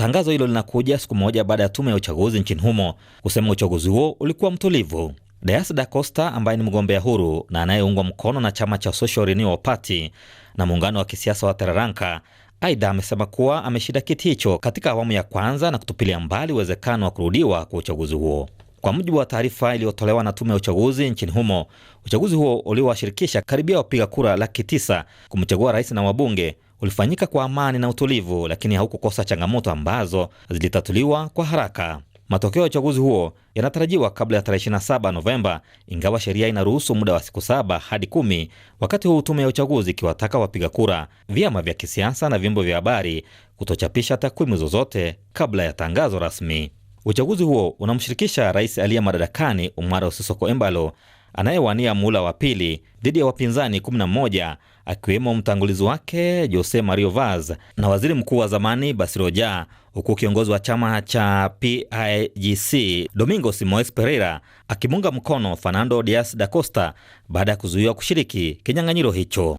Tangazo hilo linakuja siku moja baada ya tume ya uchaguzi nchini humo kusema uchaguzi huo ulikuwa mtulivu. Dias Da Costa ambaye ni mgombea huru na anayeungwa mkono na chama cha Social Renewal Party na muungano wa kisiasa wa Tararanka, aidha amesema kuwa ameshinda kiti hicho katika awamu ya kwanza na kutupilia mbali uwezekano wa kurudiwa kwa uchaguzi huo. Kwa mujibu wa taarifa iliyotolewa na tume ya uchaguzi nchini humo, uchaguzi huo uliowashirikisha karibia wapiga kura laki tisa kumchagua rais na wabunge ulifanyika kwa amani na utulivu, lakini haukukosa changamoto ambazo zilitatuliwa kwa haraka. Matokeo ya uchaguzi huo yanatarajiwa kabla ya tarehe 27 Novemba, ingawa sheria inaruhusu muda wa siku saba hadi kumi. Wakati huu tume ya uchaguzi ikiwataka wapiga kura, vyama vya kisiasa na vyombo vya habari kutochapisha takwimu zozote kabla ya tangazo rasmi. Uchaguzi huo unamshirikisha rais aliye madarakani Umaro Sissoco Embalo anayewania muhula wa pili dhidi ya wapinzani 11 akiwemo mtangulizi wake Jose Mario Vaz na waziri mkuu wa zamani Basiroja, huku kiongozi wa chama cha PIGC Domingos Moes Pereira akimunga mkono Fernando Dias da Costa baada ya kuzuiwa kushiriki kinyang'anyiro hicho.